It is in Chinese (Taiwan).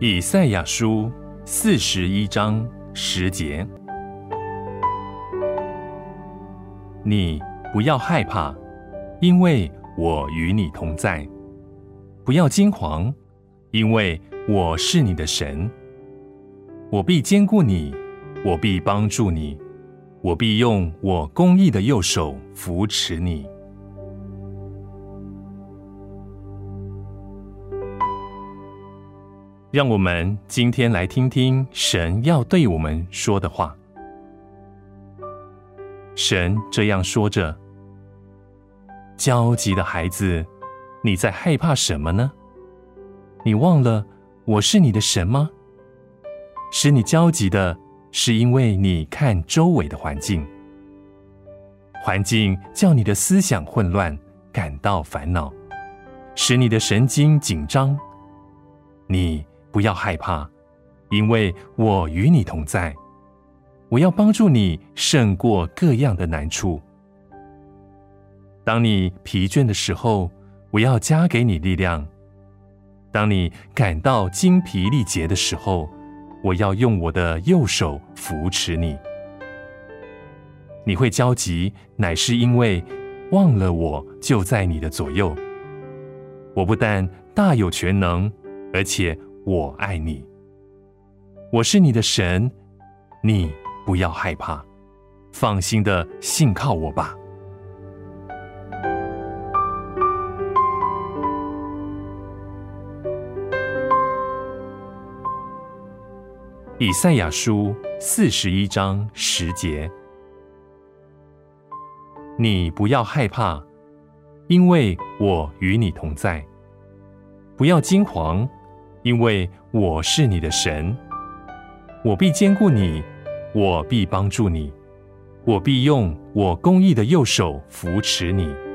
以賽亞書四十一章十節：你不要害怕，因為我與你同在；不要驚惶，因為我是你的神。我必堅固你，我必幫助你，我必用我公義的右手扶持你。讓我們今天來聽聽神要對我們說的話。神這樣說着：“焦急的孩子，你在害怕什麼呢？你忘了我是你的神嗎？使你焦急的是因為你看周圍的環境，環境叫你的思想混亂，感到煩惱，使你的神經緊張。你。”不要害怕，因為我與你同在。我要幫助你勝過各樣的難處。當你疲倦的時候，我要加給你力量；當你感到精疲力竭的時候，我要用我的右手扶持你。你會焦急，乃是因為忘了我就在你的左右。我不但大有全能，而且。我愛你，我是你的神，你不要害怕，放心的信靠我吧。以賽亞書四十一章十節，你不要害怕，因為我與你同在，不要驚慌。因為我是你的神，我必堅固你，我必幫助你，我必用我公義的右手扶持你。